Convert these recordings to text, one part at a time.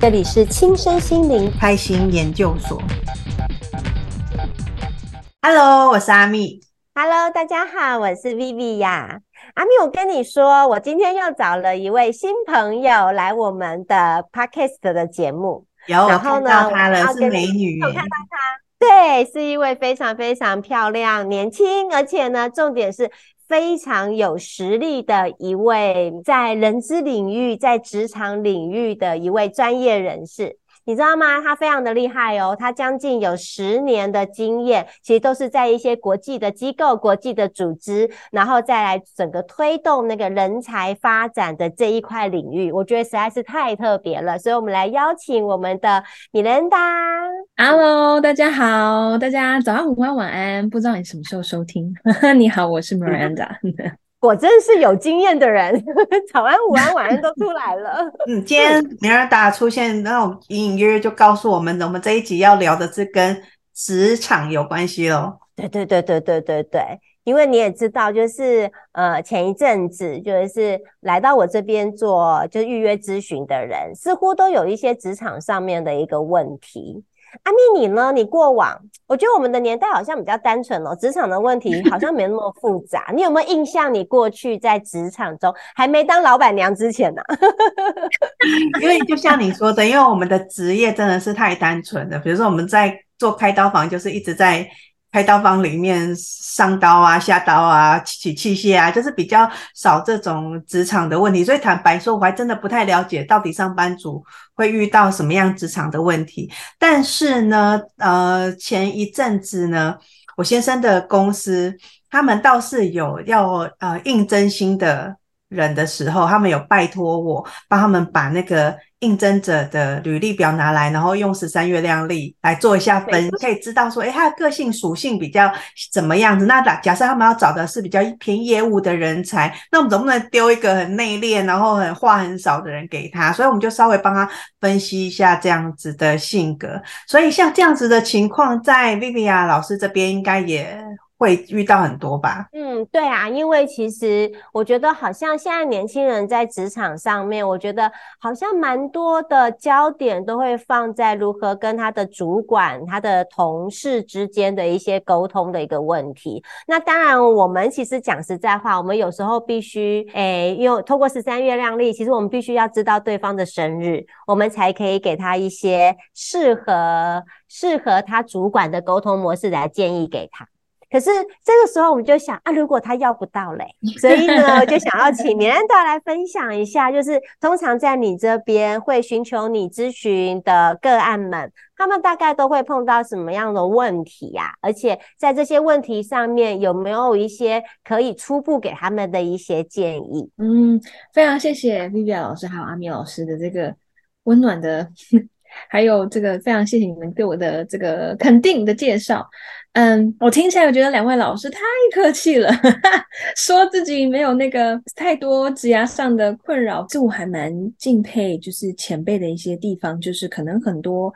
這裡是親身心靈開心研究所。Hello，我是阿蜜。Hello，大家好，我是 Vivi 呀。阿蜜，我跟你說，我今天又找了一位新朋友來我們的 Podcast 的節目。有然後呢，我看到她了，是美女。有看到她，對，是一位非常非常漂亮、年輕，而且呢，重點是。非常有實力的一位，在人資領域、在職場領域的一位專業人士，你知道嗎？他非常的厲害哦，他將近有十年的經驗，其實都是在一些國際的機構、國際的組織，然後再來整個推動那個人才發展的這一塊領域。我覺得實在是太特別了，所以我們來邀請我們的米倫達。Hello，大家好，大家早安、午安、晚安。不知道你什麼時候收聽？ 你好，我是 Miranda。果真是有經驗的人，早安、午安、晚安都出來了。 嗯，今天 Miranda 出現，然後隱隱約約就告訴我們，我們這一集要聊的是跟職場有關係哦。對對對對對對對，因為你也知道，就是呃，前一陣子就是來到我這邊做就是預約諮詢的人，似乎都有一些職場上面的一個問題。阿咪，你呢？你過往，我覺得我們的年代好像比較單純哦，職場的問題好像沒那麼複雜。 你有沒有印象？你過去在職場中還沒當老闆娘之前呢、啊？ 因為就像你說的，因為我們的職業真的是太單純了。比如說，我們在做開刀房，就是一直在。開刀房裡面上刀啊，下刀啊，取器械啊，就是比較少這種職場的問題。所以坦白說，我還真的不太了解到底上班族會遇到什麼樣職場的問題。但是呢，呃，前一陣子呢，我先生的公司，他們倒是有要，呃，應徵新的。人的時候，他們有拜託我幫他們把那個應徵者的履歷表拿來，然後用十三月亮曆來做一下分析，可以知道說，哎、欸，他的個性屬性比較怎麼樣子。那假設他們要找的是比較偏業務的人才，那我們總不能丟一個很內斂、然後很話很少的人給他？所以我們就稍微幫他分析一下這樣子的性格。所以像這樣子的情況，在 Vivia 老師這邊應該也。會遇到很多吧？嗯，對啊，因為其實我覺得好像現在年輕人在職場上面，我覺得好像蠻多的焦點都會放在如何跟他的主管、他的同事之間的一些溝通的一個問題。那當然，我們其實講實在話，我們有時候必須誒，用、哎、透過十三月亮曆，其實我們必須要知道對方的生日，我們才可以給他一些適合適合他主管的溝通模式來建議給他。可是這個時候，我們就想啊，如果他要不到嘞、欸， 所以呢，我就想要請米蘭達來分享一下，就是通常在你這邊會尋求你諮詢的個案們，他們大概都會碰到什麼樣的問題呀、啊？而且在這些問題上面，有沒有一些可以初步給他們的一些建議？嗯，非常謝謝 Vivian 老師還有阿米老師的這個溫暖的，還有這個非常謝謝你們對我的這個肯定的介紹。嗯，我聽起來我覺得兩位老師太客氣了，呵呵，說自己沒有那個太多職涯上的困擾，這我還蠻敬佩，就是前輩的一些地方，就是可能很多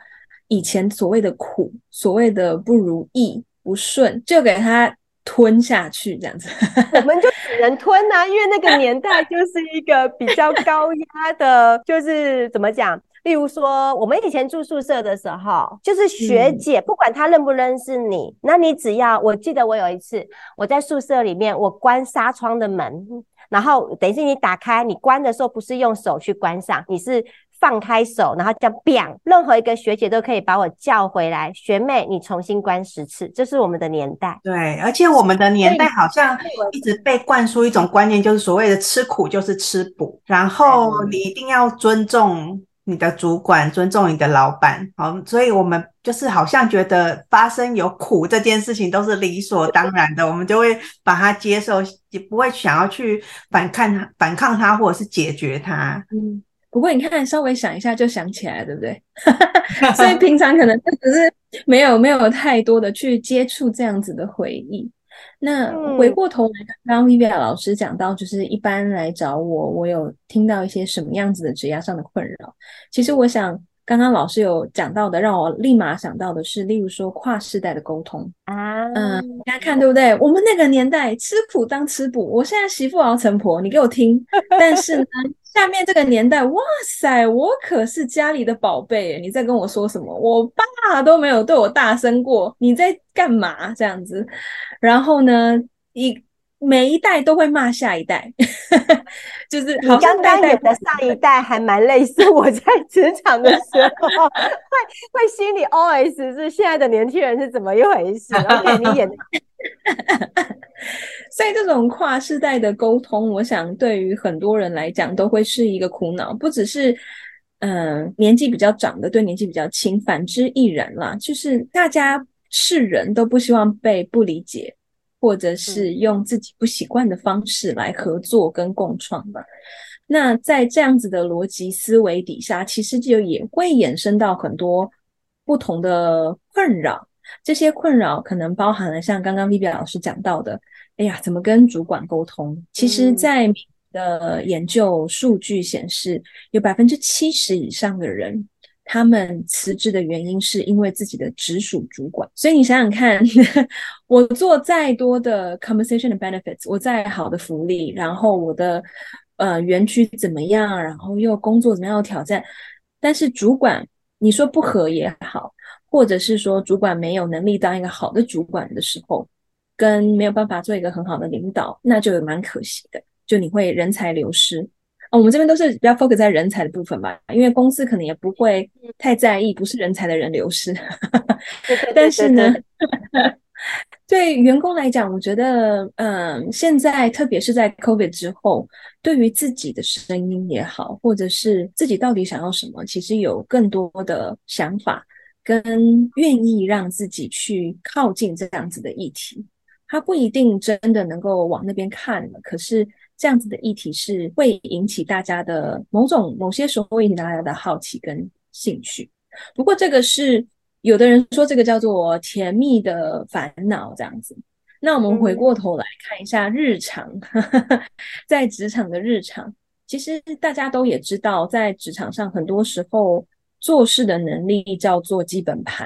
以前所謂的苦、所謂的不如意、不順，就給他吞下去這樣子。我們就只能吞啊，因為那個年代就是一個比較高壓的， 就是怎麼講？例如說，我們以前住宿舍的時候，就是學姐，嗯、不管她認不認識你，那你只要，我記得我有一次，我在宿舍裡面，我關紗窗的門，嗯、然後等於是你打開，你關的時候不是用手去關上，你是放開手，然後這樣，任何一個學姐都可以把我叫回來，學妹，你重新關十次，這是我們的年代。對，而且我們的年代好像一直被灌輸一種觀念，就是所謂的吃苦就是吃補，然後你一定要尊重。你的主管，尊重你的老闆，好，所以我們就是好像覺得發生有苦這件事情都是理所當然的， 我們就會把它接受，也不會想要去反抗它，反抗它或者是解決它。嗯，不過你看，稍微想一下就想起來，對不對？ 所以平常可能就只是沒有 沒有太多的去接觸這樣子的回憶。那回過頭來，剛剛 Vivian 老師講到，就是一般來找我，我有聽到一些什麼樣子的職涯上的困擾。其實我想。剛剛老師有講到的，讓我立馬想到的是，例如說跨世代的溝通啊，嗯，大家看對不對？哦、我們那個年代吃苦當吃補，我現在媳婦熬成婆，你給我聽。 但是呢，下面這個年代，哇塞，我可是家裡的寶貝耶，你在跟我說什麼？我爸都沒有對我大聲過，你在幹嘛這樣子？然後呢，一每一代都會罵下一代， 就是好像代代代代代你剛剛演的上一代還蠻類似。我在職場的時候， 會會心裡 OS 是現在的年輕人是怎麼一回事。OK，你演的， 所以這種跨世代的溝通，我想對於很多人來講都會是一個苦惱，不只是嗯、呃、年紀比較長的對年紀比較輕，反之亦然啦，就是大家是人都不希望被不理解。或者是用自己不習慣的方式來合作跟共創的，那在這樣子的邏輯思維底下，其實就也會衍生到很多不同的困擾。這些困擾可能包含了像剛剛 V B 老師講到的，哎呀，怎麼跟主管溝通？其實，在的研究數據顯示，有百分之七十以上的人。他們辭職的原因，是因為自己的直屬主管，所以你想想看， 我做再多的 conversation 的 benefits，我再好的福利，然後我的呃園區怎麼樣，然後又工作怎麼樣的挑戰，但是主管你說不合也好，或者是說主管沒有能力當一個好的主管的時候，跟沒有辦法做一個很好的領導，那就蠻可惜的，就你會人才流失。哦、我們這邊都是比較 focus 在人才的部分吧，因為公司可能也不會太在意不是人才的人流失。嗯、 但是呢，對員工來講，我覺得，嗯、呃，現在特別是在 COVID 之後，對於自己的聲音也好，或者是自己到底想要什麼，其實有更多的想法，跟願意讓自己去靠近這樣子的議題。他不一定真的能夠往那邊看，可是。這樣子的議題是會引起大家的某種某些時候會引起大家的好奇跟興趣。不過這個是有的人說這個叫做甜蜜的煩惱這樣子。那我們回過頭來看一下日常 在職場的日常，其實大家都也知道，在職場上很多時候做事的能力叫做基本盤，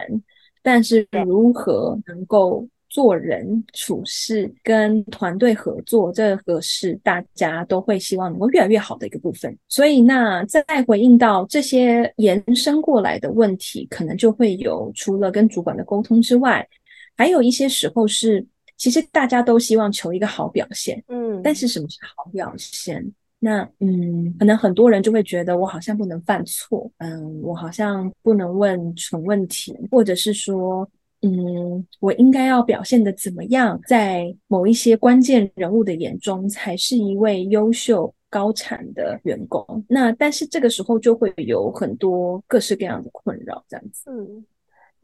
但是如何能夠。做人處事、跟團隊合作這個是大家都會希望能夠越來越好的一個部分。所以，那再回應到這些延伸過來的問題，可能就會有除了跟主管的溝通之外，還有一些時候是，其實大家都希望求一個好表現。嗯，但是什麼是好表現？那嗯，可能很多人就會覺得我好像不能犯錯，嗯，我好像不能問蠢問題，或者是說，嗯，我應該要表現得怎麼樣，在某一些關鍵人物的眼中才是一位優秀、高產的員工？那但是這個時候就會有很多各式各樣的困擾，這樣子。嗯。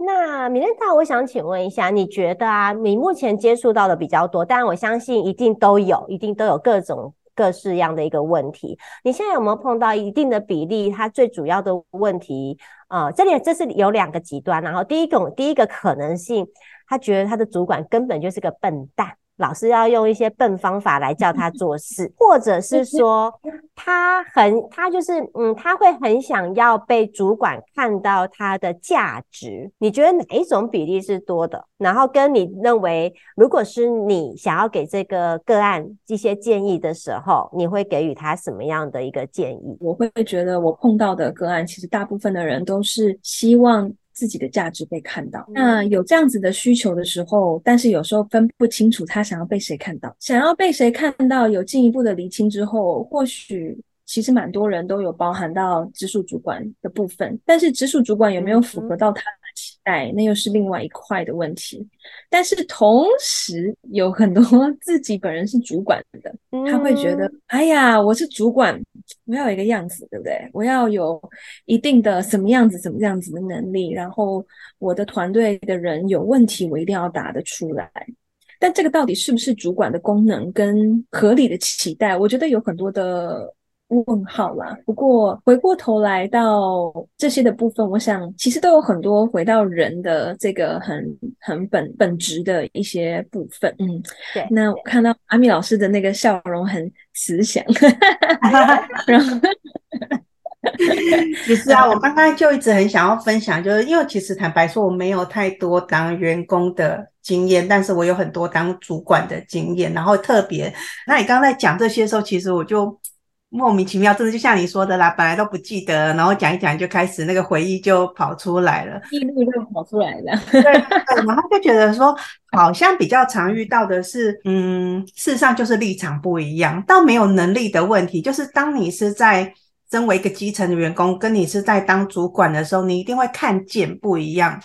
那米麗大我想請問一下，你覺得啊，你目前接觸到的比較多，但我相信一定都有，一定都有各種。各式樣的一個問題，你現在有沒有碰到一定的比例？他最主要的問題啊，呃，這裡這是有兩個極端，然後第一個第一個可能性，他覺得他的主管根本就是個笨蛋。老師要用一些笨方法來教他做事，或者是說他很他就是嗯，他會很想要被主管看到他的價值。你覺得哪一種比例是多的？然後跟你認為，如果是你想要給這個個案一些建議的時候，你會給予他什麼樣的一個建議？我會覺得我碰到的個案，其實大部分的人都是希望，自己的價值被看到，那有這樣子的需求的時候，但是有時候分不清楚他想要被誰看到，想要被誰看到，有進一步的釐清之後，或許其實蠻多人都有包含到直屬主管的部分，但是直屬主管有沒有符合到他？嗯嗯那又是另外一塊的問題，但是同時有很多自己本人是主管的，他會覺得，嗯、哎呀，我是主管，我要一個樣子，對不對？我要有一定的什麼樣子、什麼樣子的能力，然後我的團隊的人有問題，我一定要答得出來。但這個到底是不是主管的功能跟合理的期待？我覺得有很多的。問號啦。不過回過頭來到這些的部分，我想其實都有很多回到人的這個很很本本質的一些部分。嗯，對。那我看到阿米老師的那個笑容很慈祥， 然後其實啊，我剛剛就一直很想要分享，就是因為其實坦白說我沒有太多當員工的經驗，但是我有很多當主管的經驗。然後特別，那你剛才講這些時候，其實我就。莫名其妙，真的就像你說的啦，本來都不記得，然後講一講就開始那個回憶就跑出來了，記錄就跑出來了 對。對，然後就覺得說，好像比較常遇到的是，嗯，事實上就是立場不一樣，倒沒有能力的問題，就是當你是在身為一個基層的員工，跟你是在當主管的時候，你一定會看見不一樣。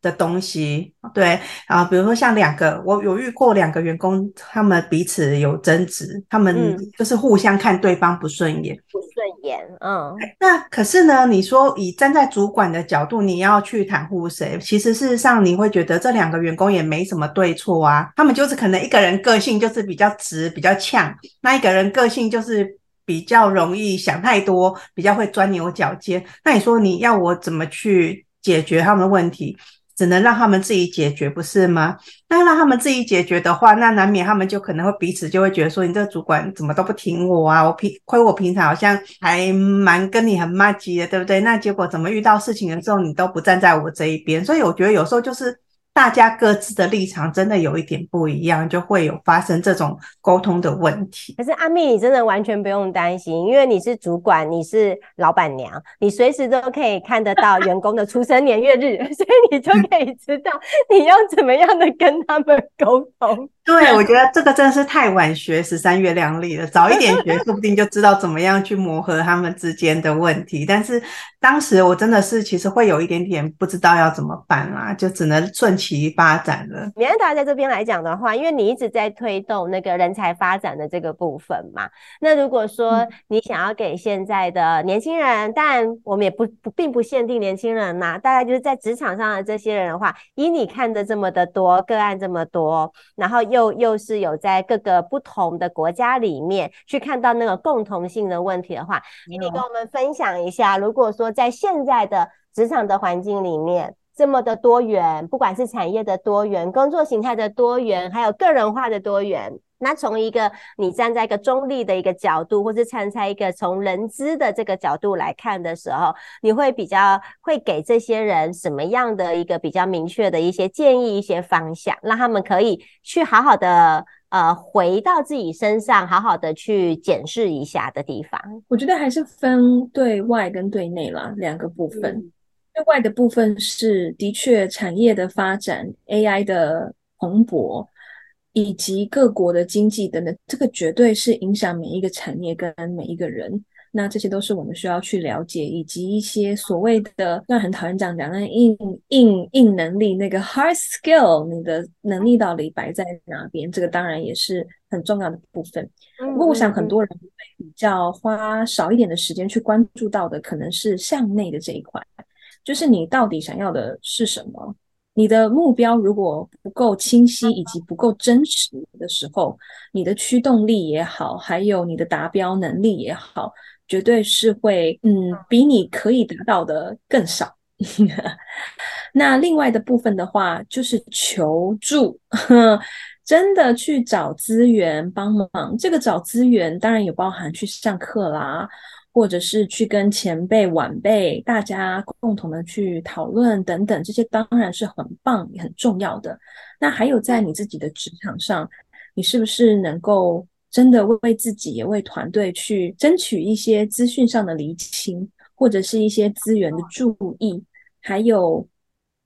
的東西，對啊、呃，比如說像兩個，我有遇過兩個員工，他們彼此有爭執，他們就是互相看對方不順眼，嗯、不順眼，嗯、哦。那可是呢，你說以站在主管的角度，你要去袒護誰？其實事實上，你會覺得這兩個員工也沒什麼對錯啊，他們就是可能一個人個性就是比較直，比較嗆；那一個人個性就是比較容易想太多，比較會鑽牛角尖。那你說你要我怎麼去解決他們的問題？只能讓他們自己解決，不是嗎？那讓他們自己解決的話，那難免他們就可能會彼此就會覺得說，你這個主管怎麼都不聽我啊？我平虧我平常好像還蠻跟你很麻吉的，對不對？那結果怎麼遇到事情的時候，你都不站在我這一邊？所以我覺得有時候就是。大家各自的立場真的有一點不一樣，就會有發生這種溝通的問題。可是阿蜜，你真的完全不用擔心，因為你是主管，你是老闆娘，你隨時都可以看得到員工的出生年月日， 所以你就可以知道你要怎麼樣的跟他們溝通。 對，我覺得這個真的是太晚學十三月亮曆了，早一點學說不定就知道怎麼樣去磨合他們之間的問題。 但是當時我真的是其實會有一點點不知道要怎麼辦啦、啊，就只能順其發展了。米安達在這邊來講的話，因為你一直在推動那個人才發展的這個部分嘛，那如果說你想要給現在的年輕人，當然、嗯、我們也不不並不限定年輕人嘛、啊，大概就是在職場上的這些人的話，以你看的這麼的多個案這麼多，然後又。又又是有在各個不同的國家裡面去看到那個共同性的問題的話，請你跟我們分享一下，如果說在現在的職場的環境裡面這麼的多元，不管是產業的多元、工作形態的多元，還有個人化的多元。那從一個你站在一個中立的一個角度，或是站在一個從人資的這個角度來看的時候，你會比較會給這些人什麼樣的一個比較明確的一些建議、一些方向，讓他們可以去好好的呃回到自己身上，好好的去檢視一下的地方。我覺得還是分對外跟對內啦，兩個部分。嗯、對外的部分是的確產業的發展，AI 的蓬勃。以及各國的經濟等等，這個絕對是影響每一個產業跟每一個人。那這些都是我們需要去了解，以及一些所謂的那，很討厭這樣講，但硬硬硬能力那個 hard skill，你的能力到底擺在哪邊？這個當然也是很重要的部分。不過，mm，hmm. 我想很多人會比較花少一點的時間去關注到的，可能是向內的這一塊，就是你到底想要的是什麼？你的目標如果不夠清晰以及不夠真實的時候，你的驅動力也好，還有你的達標能力也好，絕對是會嗯比你可以達到的更少。 那另外的部分的話，就是求助呵，真的去找資源幫忙。這個找資源當然也包含去上課啦。或者是去跟前輩、晚輩，大家共同的去討論等等，這些當然是很棒、也很重要的。那還有在你自己的職場上，你是不是能夠真的為為自己、也為團隊去爭取一些資訊上的釐清，或者是一些資源的注意，還有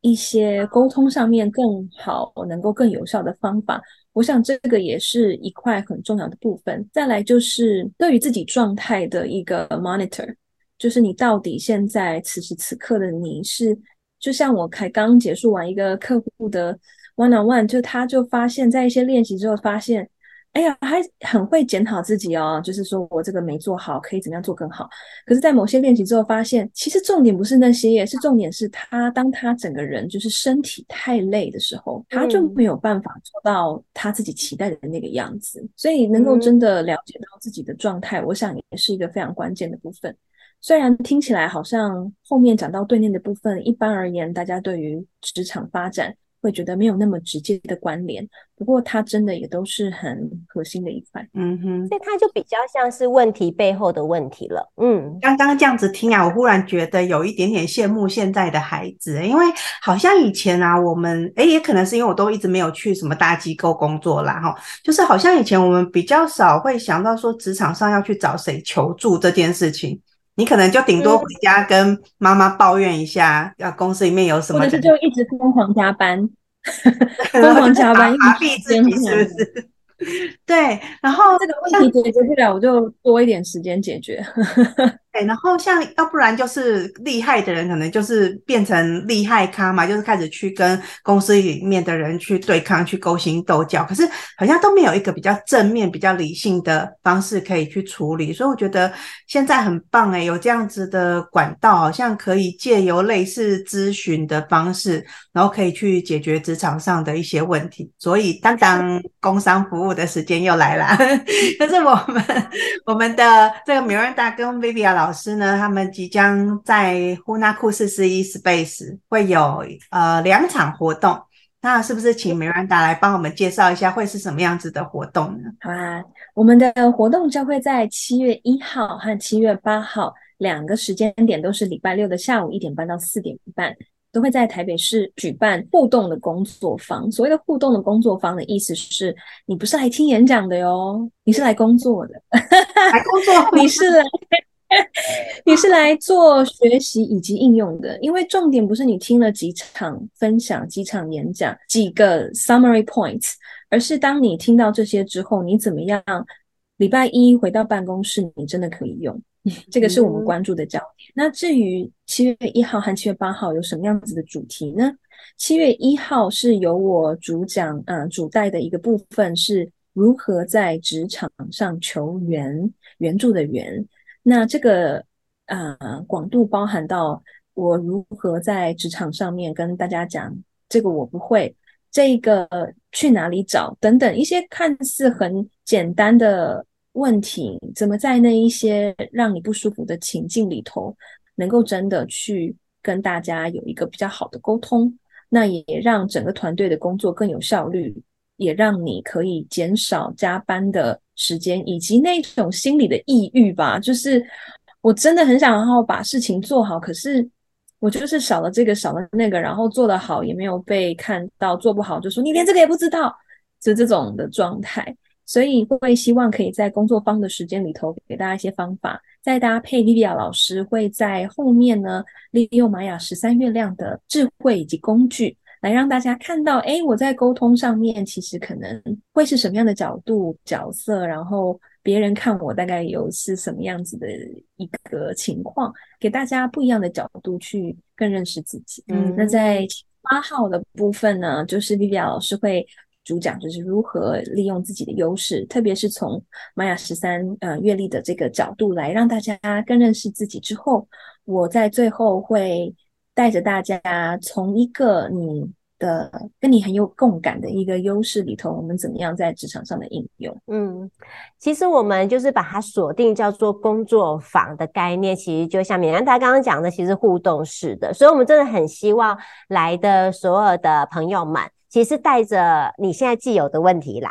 一些溝通上面更好、能夠更有效的方法？我想這個也是一塊很重要的部分。再來就是對於自己狀態的一個 monitor，就是你到底現在此時此刻的你是，就像我才剛結束完一個客戶的 one on one，就他就發現在一些練習之後發現。哎呀，還很會檢討自己哦，就是說我這個沒做好，可以怎麼樣做更好。可是，在某些練習之後發現，其實重點不是那些耶，也是重點是他，當他整個人就是身體太累的時候，他就沒有辦法做到他自己期待的那個樣子。所以，能夠真的了解到自己的狀態，嗯、我想也是一個非常關鍵的部分。雖然聽起來好像後面講到鍛鍊的部分，一般而言，大家對於職場發展。會覺得沒有那麼直接的關聯，不過它真的也都是很核心的一塊，嗯哼，所以它就比較像是問題背後的問題了，嗯。剛剛這樣子聽啊，我忽然覺得有一點點羨慕現在的孩子，因為好像以前啊，我們誒，也可能是因為我都一直沒有去什麼大機構工作啦，哈，就是好像以前我們比較少會想到說職場上要去找誰求助這件事情。你可能就頂多回家跟媽媽抱怨一下，要對、啊、公司裡面有什麼，或者是就一直瘋狂加班，瘋 狂加班麻痹 自己，是不是？ 對，然後這個問題解決不了， 我就多一點時間解決。 哎、欸，然後像要不然就是厲害的人，可能就是變成厲害咖嘛，就是開始去跟公司裡面的人去對抗，去勾心鬥角。可是好像都沒有一個比較正面、比較理性的方式可以去處理。所以我覺得現在很棒、欸，哎，有這樣子的管道，好像可以借由類似諮詢的方式，然後可以去解決職場上的一些問題。所以當當工商服務的時間又來了， 可是我們我們的這個米蘭達跟薇薇亞啦。老師呢？他們即將在呼納庫四四一 Space 會有呃兩場活動，那是不是請梅蘭達來幫我們介紹一下會是什麼樣子的活動呢？好啊，我們的活動將會在七月一號和七月八號兩個時間點，都是禮拜六的下午一點半到四點半，都會在台北市舉辦互動的工作坊。所謂的互動的工作坊的意思是，你不是來聽演講的喲，你是來工作的， 來工作，你是 你是來做學習以及應用的，因為重點不是你聽了幾場分享，幾場演講，幾個 summary points，而是當你聽到這些之後，你怎麼樣？禮拜一回到辦公室，你真的可以用。這個是我們關注的焦點。嗯、那至於七月一號和七月八號有什麼樣子的主題呢？七月一號是由我主講，啊、呃，主帶的一個部分是如何在職場上求援，援助的援。那這個，呃，廣度包含到我如何在職場上面跟大家講，這個我不會。這個去哪裡找，等等一些看似很簡單的問題，怎麼在那一些讓你不舒服的情境裡頭，能夠真的去跟大家有一個比較好的溝通，那也讓整個團隊的工作更有效率。也讓你可以減少加班的時間，以及那種心理的抑鬱吧。就是我真的很想要把事情做好，可是我就是少了這個，少了那個，然後做得好也沒有被看到，做不好就說你連這個也不知道，就這種的狀態。所以我會希望可以在工作坊的時間裡頭給大家一些方法，再搭配莉莉亞老師會在後面呢，利用瑪雅十三月亮的智慧以及工具。來讓大家看到，哎，我在溝通上面其實可能會是什麼樣的角度、角色，然後別人看我大概有是什麼樣子的一個情況，給大家不一樣的角度去更認識自己。嗯，那在八號的部分呢，就是 Vivian 老師會主講，就是如何利用自己的優勢，特別是從瑪雅十三呃月曆的這個角度來讓大家更認識自己。之後，我在最後會。帶着大家從一個你的跟你很有共感的一個優勢裡頭，我們怎麼樣在職場上的應用？嗯，其實我們就是把它鎖定叫做工作坊的概念，其實就像米蘭達剛剛講的，其實互動式的，所以我們真的很希望來的所有的朋友們，其實帶着你現在既有的問題來。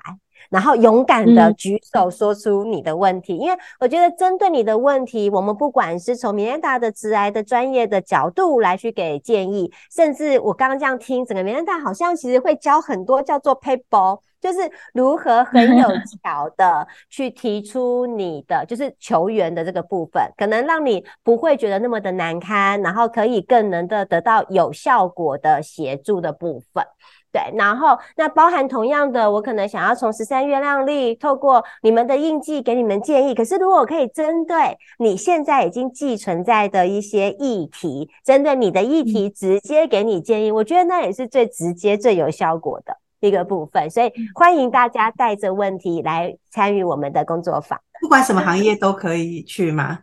然後勇敢的舉手說出你的問題，嗯、因為我覺得針對你的問題，我們不管是從明恩達的職涯的專業的角度來去給建議，甚至我剛剛這樣聽，整個明恩達好像其實會教很多叫做撇步，就是如何很有巧的去提出你的呵呵就是求援的這個部分，可能讓你不會覺得那麼的難堪，然後可以更能的得到有效果的協助的部分。對，然後那包含同樣的，我可能想要從十三月亮曆透過你們的印記給你們建議。可是如果我可以針對你現在已經既存在的一些議題，針對你的議題直接給你建議，嗯、我覺得那也是最直接、最有效果的一個部分。所以歡迎大家帶着問題來參與我們的工作坊，不管什麼行業都可以去嗎？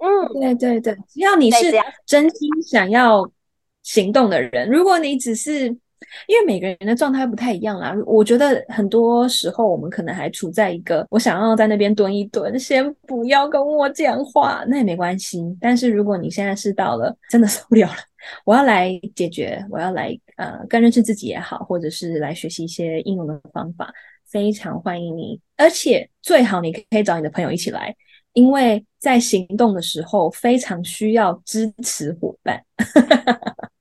嗯，嗯對對對，只要你是真心想要行動的人，如果你只是。因為每個人的狀態不太一樣啦，我覺得很多時候我們可能還處在一個我想要在那邊蹲一蹲，先不要跟我講話，那也沒關係。但是如果你現在是到了真的受不了了，我要來解決，我要來呃，更認識自己也好，或者是來學習一些應用的方法，非常歡迎你。而且最好你可以找你的朋友一起來，因為在行動的時候非常需要支持夥伴。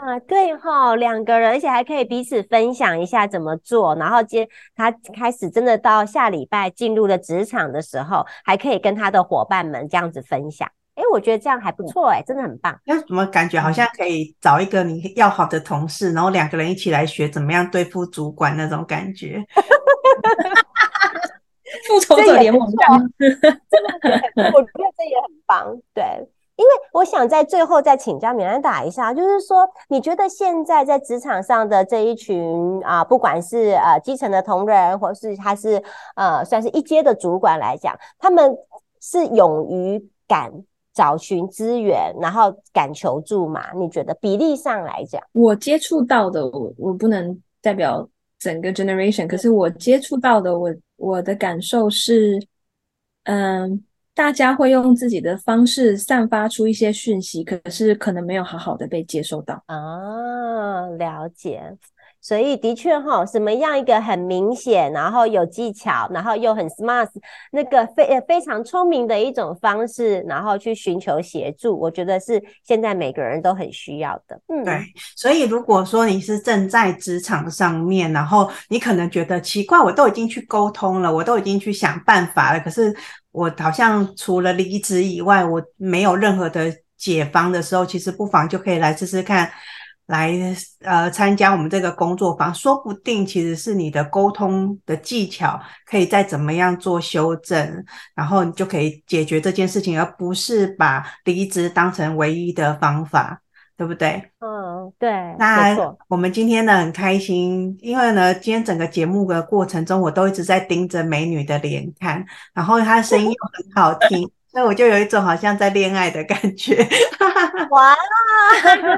啊，對哈，兩個人，而且還可以彼此分享一下怎麼做。然後接，接他開始真的到下禮拜進入了職場的時候，還可以跟他的夥伴們這樣子分享。哎，我覺得這樣還不錯誒，哎、嗯，真的很棒。那怎麼感覺好像可以找一個你要好的同事，嗯、然後兩個人一起來學怎麼樣對付主管那種感覺？哈哈哈哈哈哈！復仇者聯盟，這 真的，我覺得這也很棒，對。因為我想在最後再請教你，來打一下，就是說，你覺得現在在職場上的這一群啊、呃，不管是呃基層的同仁，或是他是呃算是一階的主管來講，他們是勇於敢找尋資源，然後敢求助嘛？你覺得比例上來講？我接觸到的，我，我不能代表整個 generation，可是我接觸到的，我我的感受是，嗯、呃。大家會用自己的方式散發出一些訊息，可是可能沒有好好的被接收到。啊、哦，了解，所以的確齁，什麼樣一個很明顯，然後有技巧，然後又很 smart，那個非非常聰明的一種方式，然後去尋求協助，我覺得是現在每個人都很需要的。嗯，對，所以如果說你是正在職場上面，然後你可能覺得奇怪，我都已經去溝通了，我都已經去想辦法了，可是。我好像除了離職以外，我沒有任何的解方的時候，其實不妨就可以來試試看，來呃參加我們這個工作坊，說不定其實是你的溝通的技巧可以再怎麼樣做修正，然後你就可以解決這件事情，而不是把離職當成唯一的方法。對不對？嗯，對。那我們今天呢很開心，錯因為呢，今天整個節目的過程中，我都一直在盯着美女的臉看，然後她聲音又很好聽，哦、所以我就有一種好像在戀愛的感覺。哇啦，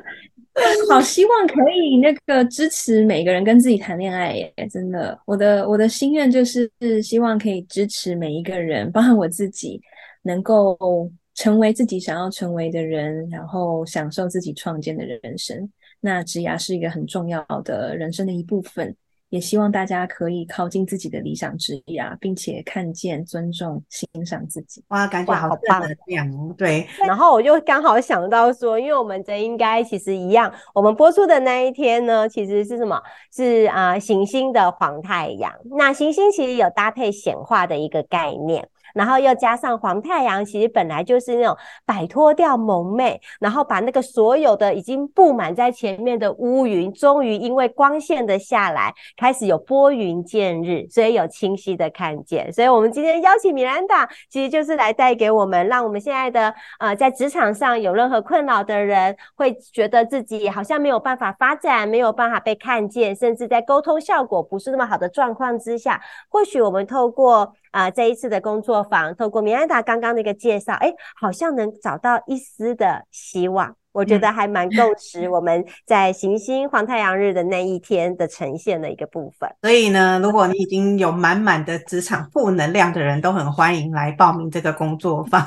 好希望可以那個支持每個人跟自己談戀愛耶！真的，我的我的心願就是是希望可以支持每一個人，包括我自己，能夠。成為自己想要成為的人，然後享受自己創建的人生。那職涯是一個很重要的人生的一部分，也希望大家可以靠近自己的理想職業啊，並且看見、尊重、欣賞自己。哇，感覺好，好棒的！對，對，然後我就剛好想到說，因為我們這應該其實一樣，我們播出的那一天呢，其實是什麼？是啊、呃，行星的黃太陽。那行星其實有搭配顯化的一個概念。然後又加上黃太陽，其實本來就是那種擺脫掉蒙昧，然後把那個所有的已經佈滿在前面的烏雲，終於因為光線的下來，開始有撥雲見日，所以有清晰的看見。所以，我們今天邀請米蘭達，其實就是來帶給我們，讓我們現在的呃，在職場上有任何困擾的人，會覺得自己好像沒有辦法發展，沒有辦法被看見，甚至在溝通效果不是那麼好的狀況之下，或許我們透過。啊、呃，這一次的工作坊，透過米安達剛剛那個介紹，哎，好像能找到一絲的希望。我覺得還蠻夠持我們在行星黃太陽日的那一天的呈現的一個部分。嗯、所以呢，如果你已經有滿滿的職場負能量的人， 都很歡迎來報名這個工作坊。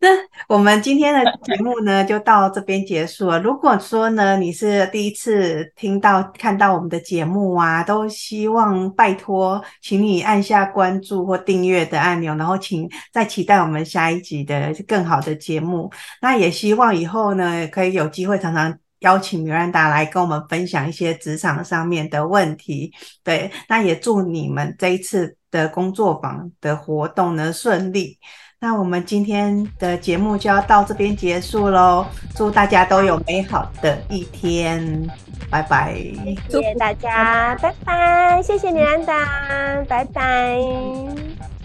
那 我們今天的節目呢，就到這邊結束了。如果說呢，你是第一次聽到看到我們的節目啊，都希望拜托，請你按下關注或訂閱的按鈕，然後請再期待我們下一集的更好的節目。那也希望以後呢。可以有機會常常邀請米蘭達來跟我們分享一些職場上面的問題。對，那也祝你們這一次的工作坊的活動能順利。那我們今天的節目就要到這邊結束嘍，祝大家都有美好的一天，拜拜！謝謝大家，拜拜！謝謝米蘭達，拜拜！